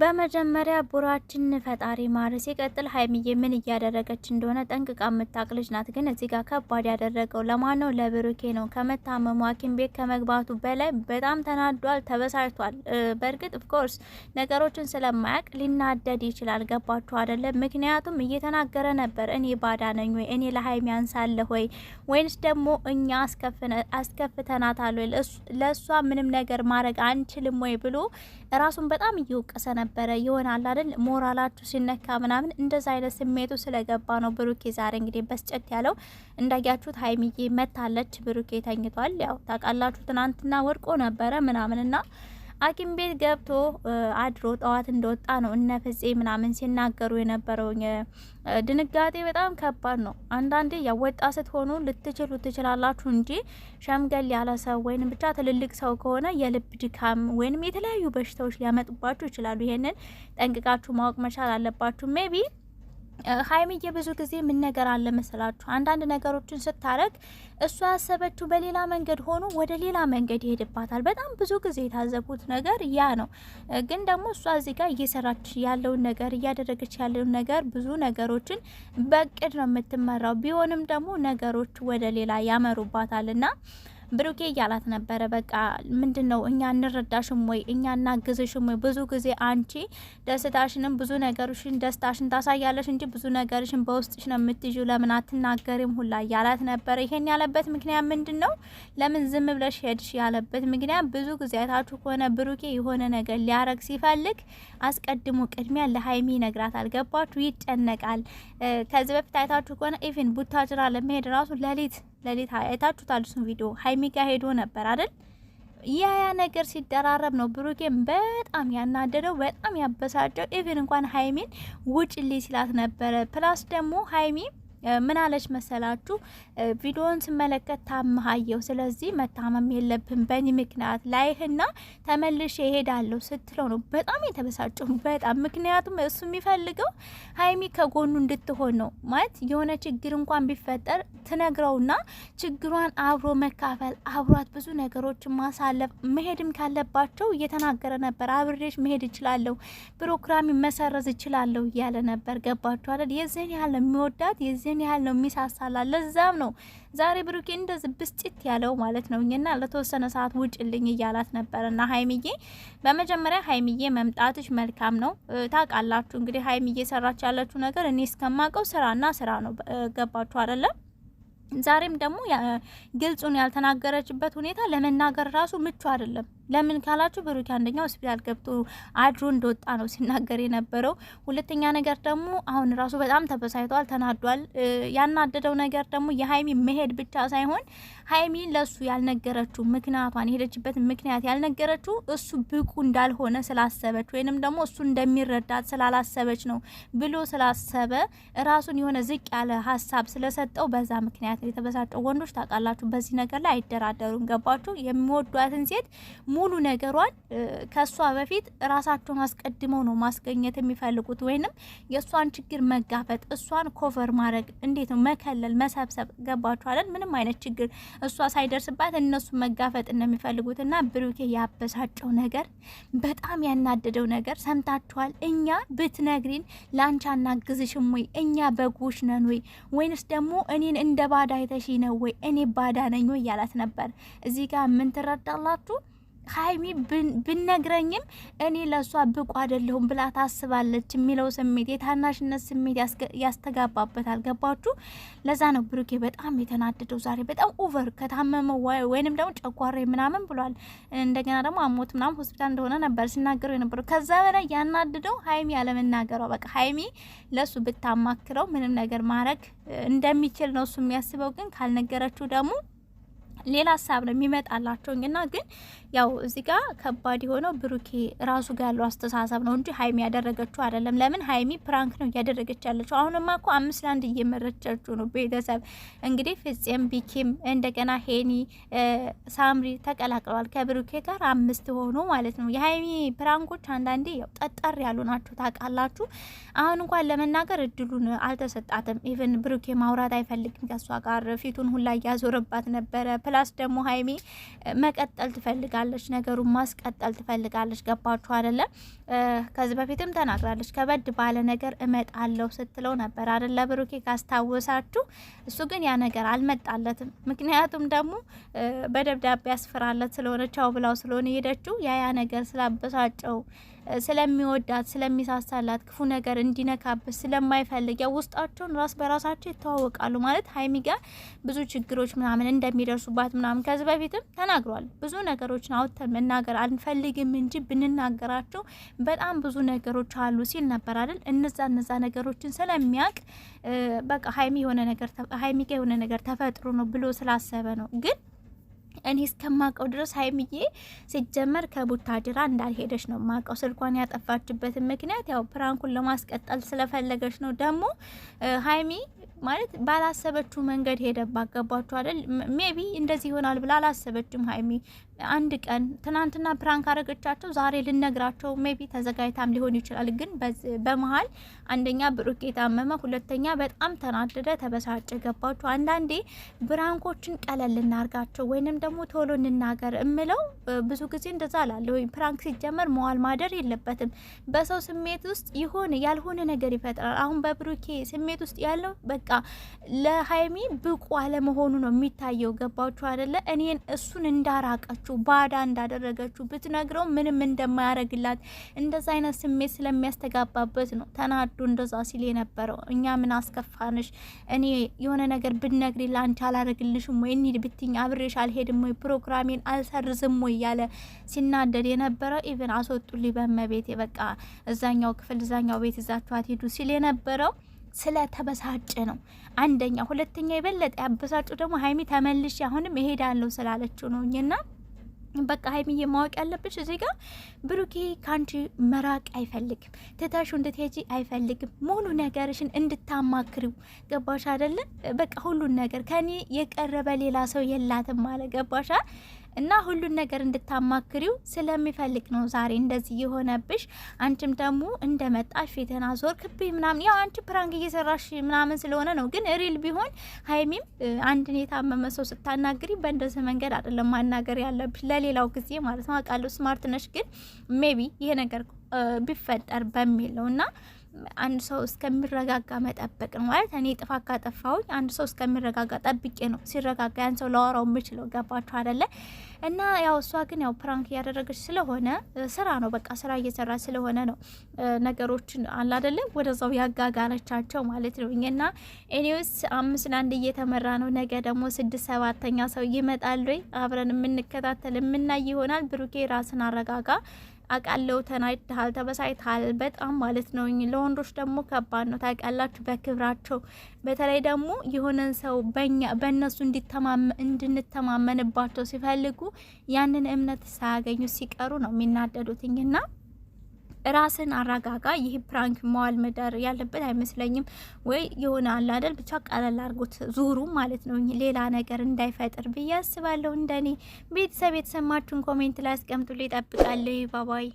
በመጀመሪያ ቡራችን ፈጣሪ ማር ሲቀጥል ሀይሚዬ ምን እያደረገች እንደሆነ ጠንቅቃ የምታውቅ ልጅ ናት። ግን እዚህ ጋር ከባድ ያደረገው ለማን ነው? ለብሩኬ ነው። ከመታመሙ ሐኪም ቤት ከመግባቱ በላይ በጣም ተናዷል፣ ተበሳጭቷል። በእርግጥ ኦፍኮርስ ነገሮችን ስለማያውቅ ሊናደድ ይችላል። ገባችሁ አይደለም? ምክንያቱም እየተናገረ ነበር፣ እኔ ባዳ ነኝ ወይ እኔ ለሀይሚ ያንሳለሁ ወይ ወይንስ ደግሞ እኛ አስከፍተናታል ወይ ለእሷ ምንም ነገር ማድረግ አንችልም ወይ ብሎ ራሱን በጣም እየወቀሰ ነበር። ነበረ የሆነ አይደል ሞራላችሁ ሲነካ ምናምን እንደዛ አይነት ስሜቱ ስለገባ ነው ብሩኬ ዛሬ እንግዲህ በስጨት ያለው። እንዳያችሁት ሀይሚዬ መታለች፣ ብሩኬ ተኝቷል። ያው ታውቃላችሁ ትናንትና ወድቆ ነበረ ምናምንና ሐኪም ቤት ገብቶ አድሮ ጠዋት እንደወጣ ነው እነ ፍጼ ምናምን ሲናገሩ የነበረው። ድንጋጤ በጣም ከባድ ነው። አንዳንዴ ያወጣ ስትሆኑ ልትችሉ ትችላላችሁ እንጂ ሸምገል ያለ ሰው ወይንም ብቻ ትልልቅ ሰው ከሆነ የልብ ድካም ወይንም የተለያዩ በሽታዎች ሊያመጡባችሁ ይችላሉ። ይሄንን ጠንቅቃችሁ ማወቅ መቻል አለባችሁ ሜቢ ሀይሚዬ ብዙ ጊዜ ምን ነገር አለ መሰላችሁ፣ አንዳንድ ነገሮችን ስታረግ እሷ ያሰበችው በሌላ መንገድ ሆኖ ወደ ሌላ መንገድ ይሄድባታል። በጣም ብዙ ጊዜ የታዘቡት ነገር ያ ነው። ግን ደግሞ እሷ እዚህ ጋር እየሰራች ያለውን ነገር እያደረገች ያለውን ነገር ብዙ ነገሮችን በእቅድ ነው የምትመራው። ቢሆንም ደግሞ ነገሮች ወደ ሌላ ያመሩባታል እና ብሩኬ እያላት ነበረ። በቃ ምንድን ነው እኛ እንረዳሽም ወይ እኛ እናግዝሽም ወይ? ብዙ ጊዜ አንቺ ደስታሽንም ብዙ ነገርሽን ደስታሽን ታሳያለሽ እንጂ ብዙ ነገርሽን በውስጥሽ ነው የምትይዙ። ለምን አትናገሪም ሁላ እያላት ነበረ። ይሄን ያለበት ምክንያት ምንድን ነው? ለምን ዝም ብለሽ ሄድሽ ያለበት ምክንያት ብዙ ጊዜ አይታችሁ ከሆነ ብሩኬ የሆነ ነገር ሊያረግ ሲፈልግ አስቀድሞ ቅድሚያ ለሀይሚ ይነግራታል። ገባችሁ? ይጨነቃል። ከዚህ በፊት አይታችሁ ከሆነ ኢቭን ቡታጅራ ለመሄድ ራሱ ሌሊት ለሌት አይታችሁታል። እሱን ቪዲዮ ሀይሚ ጋ ሄዶ ነበር አይደል? ያ ያ ነገር ሲደራረብ ነው ብሩኬን በጣም ያናደደው፣ በጣም ያበሳጨው። ኢቭን እንኳን ሀይሚን ውጭ ሊ ሲላት ነበረ ፕላስ ደግሞ ሀይሚ ምን አለች መሰላችሁ? ቪዲዮን ስመለከት ታመሃየው፣ ስለዚህ መታመም የለብን በእኔ ምክንያት ላይህና ተመልሼ እሄዳለሁ ስትለው ነው በጣም የተበሳጨው። በጣም ምክንያቱም እሱ የሚፈልገው ሀይሚ ከጎኑ እንድትሆን ነው። ማለት የሆነ ችግር እንኳን ቢፈጠር ትነግረውና ችግሯን አብሮ መካፈል አብሯት ብዙ ነገሮችን ማሳለፍ መሄድም ካለባቸው እየተናገረ ነበር። አብሬሽ መሄድ እችላለሁ፣ ፕሮግራም መሰረዝ እችላለሁ እያለ ነበር። ገባችሁ የዚህን ያህል የሚወዳት የዚህ የዚህን ያህል ነው የሚሳሳላ። ለዛም ነው ዛሬ ብሩኬ እንደዚህ ብስጭት ያለው ማለት ነው። እኛና ለተወሰነ ሰዓት ውጭልኝ እያላት ነበረና ሀይሚዬ፣ በመጀመሪያ ሀይሚዬ መምጣትሽ መልካም ነው። ታውቃላችሁ እንግዲህ ሀይሚዬ ሰራች ያለችው ነገር እኔ እስከማውቀው ስራና ስራ ነው። ገባችሁ አይደለም? ዛሬም ደግሞ ግልጹን ያልተናገረችበት ሁኔታ ለመናገር ራሱ ምቹ አይደለም። ለምን ካላችሁ ብሩኬ አንደኛ ሆስፒታል ገብቶ አድሮ እንደወጣ ነው ሲናገር የነበረው። ሁለተኛ ነገር ደግሞ አሁን ራሱ በጣም ተበሳይቷል፣ ተናዷል። ያናደደው ነገር ደግሞ የሀይሚ መሄድ ብቻ ሳይሆን ሀይሚ ለሱ ያልነገረችው ምክንያቷን የሄደችበት ምክንያት ያልነገረችው እሱ ብቁ እንዳልሆነ ስላሰበች ወይንም ደግሞ እሱ እንደሚረዳት ስላላሰበች ነው ብሎ ስላሰበ ራሱን የሆነ ዝቅ ያለ ሀሳብ ስለሰጠው በዛ ምክንያት ነው የተበሳጨው። ወንዶች ታውቃላችሁ፣ በዚህ ነገር ላይ አይደራደሩም። ገባችሁ? የሚወዷትን ሴት ሙሉ ነገሯን ከእሷ በፊት ራሳቸውን አስቀድመው ነው ማስገኘት የሚፈልጉት፣ ወይንም የእሷን ችግር መጋፈጥ፣ እሷን ኮቨር ማድረግ፣ እንዴት ነው መከለል፣ መሰብሰብ። ገባችኋለን? ምንም አይነት ችግር እሷ ሳይደርስባት እነሱ መጋፈጥ እንደሚፈልጉት እና ብሩኬ ያበሳጨው ነገር በጣም ያናደደው ነገር ሰምታችኋል። እኛ ብትነግሪን ላንቺ አናግዝሽም ወይ? እኛ በጎሽ ነን ወይ? ወይንስ ደግሞ እኔን እንደ ባዳ የተሺ ነው ወይ? እኔ ባዳ ነኝ ወይ? እያላት ነበር። እዚህ ጋር ምን ትረዳላችሁ? ሀይሚ ብነግረኝም እኔ ለእሷ ብቁ አይደለሁም ብላ ታስባለች የሚለው ስሜት የታናሽነት ስሜት ያስተጋባበታል። ገባችሁ? ለዛ ነው ብሩኬ በጣም የተናደደው ዛሬ በጣም ኦቨር ከታመመው ወይንም ደግሞ ጨጓራ ምናምን ብሏል። እንደገና ደግሞ አሞት ምናምን ሆስፒታል እንደሆነ ነበር ሲናገሩ የነበረው። ከዛ በላይ ያናደደው ሀይሚ ያለመናገሯ። በቃ ሀይሚ ለእሱ ብታማክረው ምንም ነገር ማድረግ እንደሚችል ነው እሱ የሚያስበው። ግን ካልነገረችው ደግሞ ሌላ ሀሳብ ነው የሚመጣላቸውኝ እና ግን ያው እዚህ ጋር ከባድ የሆነው ብሩኬ ራሱ ጋር ያለው አስተሳሰብ ነው እንጂ ሀይሚ ያደረገችው አይደለም። ለምን ሀይሚ ፕራንክ ነው እያደረገች ያለችው። አሁንማ እኮ አምስት ለአንድ እየመረቻችሁ ነው። ቤተሰብ እንግዲህ ፍጼም ቢኪም እንደገና ሄኒ ሳምሪ ተቀላቅለዋል ከብሩኬ ጋር አምስት ሆኑ ማለት ነው። የሀይሚ ፕራንኮች አንዳንዴ ያው ጠጠር ያሉ ናቸው ታውቃላችሁ። አሁን እንኳን ለመናገር እድሉን አልተሰጣትም። ኢቨን ብሩኬ ማውራት አይፈልግም ከሷ ጋር ፊቱን ሁላ እያዞረባት ነበረ ፕላስ ደግሞ ሀይሚ መቀጠል ትፈልጋለች፣ ነገሩን ማስቀጠል ትፈልጋለች። ገባችሁ አደለ? ከዚህ በፊትም ተናግራለች። ከበድ ባለ ነገር እመጣለሁ ስትለው ነበር አደለ? ብሩኬ ካስታወሳችሁ። እሱ ግን ያ ነገር አልመጣለትም። ምክንያቱም ደግሞ በደብዳቤ ያስፈራለት ስለሆነ ቻው ብላው ስለሆነ ሄደችው ያ ያ ነገር ስላበሳጨው ስለሚወዳት ስለሚሳሳላት ክፉ ነገር እንዲነካበት ስለማይፈልግ ያው ውስጣቸውን ራስ በራሳቸው ይተዋወቃሉ። ማለት ሀይሚ ጋር ብዙ ችግሮች ምናምን እንደሚደርሱባት ምናምን ከዚህ በፊትም ተናግሯል። ብዙ ነገሮችን አውጥተን መናገር አንፈልግም እንጂ ብንናገራቸው በጣም ብዙ ነገሮች አሉ ሲል ነበር አይደል? እነዛ እነዛ ነገሮችን ስለሚያውቅ በቃ ሀይሚ የሆነ ነገር ሀይሚ የሆነ ነገር ተፈጥሮ ነው ብሎ ስላሰበ ነው ግን እኔ እስከማቀው ድረስ ሀይምዬ ሲጀመር ከቡታጅራ እንዳልሄደች ነው ማቀው። ስልኳን ያጠፋችበትን ምክንያት ያው ፕራንኩን ለማስቀጠል ስለፈለገች ነው። ደግሞ ሀይሚ ማለት ባላሰበችው መንገድ ሄደባት። ገባችሁ አይደል? ሜቢ እንደዚህ ይሆናል ብላ አላሰበችም ሀይሚ አንድ ቀን ትናንትና ፕራንክ አረገቻቸው። ዛሬ ልነግራቸው ሜቢ ተዘጋጅታም ሊሆን ይችላል። ግን በመሀል አንደኛ ብሩኬ የታመመ፣ ሁለተኛ በጣም ተናደደ፣ ተበሳጨ። ገባችሁ? አንዳንዴ ብራንኮችን ቀለል እናርጋቸው ወይንም ደግሞ ቶሎ እንናገር እምለው ብዙ ጊዜ እንደዛ ወይ ፕራንክ ሲጀመር መዋል ማደር የለበትም። በሰው ስሜት ውስጥ ይሆን ያልሆነ ነገር ይፈጥራል። አሁን በብሩኬ ስሜት ውስጥ ያለው በቃ ለሀይሚ ብቁ አለመሆኑ ነው የሚታየው። ገባችሁ አደለ? እኔን እሱን እንዳራቀች እንዳደረገችው ባዳ እንዳደረገችው ብትነግረው ምንም እንደማያደርግላት እንደዛ አይነት ስሜት ስለሚያስተጋባበት ነው ተናዶ እንደዛ ሲል የነበረው። እኛ ምን አስከፋንሽ? እኔ የሆነ ነገር ብነግሪ ለአንቺ አላደርግልሽም ወይ እንሂድ ብትኝ አብሬሽ አልሄድም ወይ ፕሮግራሜን አልሰርዝም ወይ እያለ ሲናደድ የነበረው ኢቨን አስወጡልኝ በመቤት በቃ እዛኛው ክፍል እዛኛው ቤት ይዛችኋት ሄዱ ሲል የነበረው ስለተበሳጨ ነው። አንደኛ፣ ሁለተኛ የበለጠ ያበሳጩ ደግሞ ሀይሚ ተመልሽ አሁንም እሄዳለሁ ስላለችው ነው። በቃ ሀይሚዬ ማወቅ ያለብሽ እዚህ ጋር ብሩኬ ካንቺ መራቅ አይፈልግም፣ ትተሹ እንድትሄጂ አይፈልግም። ሙሉ ነገርሽን እንድታማክሪው ገባሽ አይደለም? በቃ ሁሉን ነገር ከኔ የቀረበ ሌላ ሰው የላትም ማለት ገባሻ እና ሁሉን ነገር እንድታማክሪው ስለሚፈልግ ነው ዛሬ እንደዚህ የሆነብሽ። አንቺም ደግሞ እንደመጣሽ ፊትን ክብ ምናምን። ያው አንቺ ፕራንክ እየሰራሽ ምናምን ስለሆነ ነው። ግን ሪል ቢሆን ሀይሚም አንድን የታመመ ሰው ስታናግሪ በእንደዚህ መንገድ አይደለም ማናገር ያለብሽ፣ ለሌላው ጊዜ ማለት ነው። አውቃለሁ ስማርት ነሽ፣ ግን ሜቢ ይሄ ነገር ቢፈጠር በሚል ነው እና አንድ ሰው እስከሚረጋጋ መጠበቅ ነው ማለት። እኔ ጥፋት ካጠፋሁኝ አንድ ሰው እስከሚረጋጋ ጠብቄ ነው ሲረጋጋ ያን ሰው ላወራው የምችለው። ገባችሁ አደለ? እና ያው እሷ ግን ያው ፕራንክ እያደረገች ስለሆነ ስራ ነው በቃ ስራ እየሰራ ስለሆነ ነው ነገሮችን አለ አደለ ወደዛው ያጋጋለቻቸው ማለት ነው። እና ኤኒዌይስ አምስት ለአንድ እየተመራ ነው። ነገ ደግሞ ስድስት ሰባተኛ ሰው ይመጣል ወይ አብረን የምንከታተል የምናይ ይሆናል። ብሩኬ ራስን አረጋጋ አቃለው ተናድሃል፣ ተበሳይታል በጣም ማለት ነው። ለወንዶች ደግሞ ከባድ ነው ታውቃላችሁ፣ በክብራቸው በተለይ ደግሞ የሆነን ሰው በእኛ በእነሱ እንድንተማመንባቸው ሲፈልጉ ያንን እምነት ሳያገኙ ሲቀሩ ነው የሚናደዱትኝና ራስን አረጋጋ። ይህ ፕራንክ መዋል መዳር ያለበት አይመስለኝም። ወይ የሆነ አለ አይደል ብቻ ቀለል አድርጎት ዙሩ ማለት ነው፣ ሌላ ነገር እንዳይፈጥር ብዬ አስባለሁ። እንደኔ ቤተሰብ የተሰማችሁን ኮሜንት ላይ አስቀምጡ። ሊጠብቃለሁ ባባይ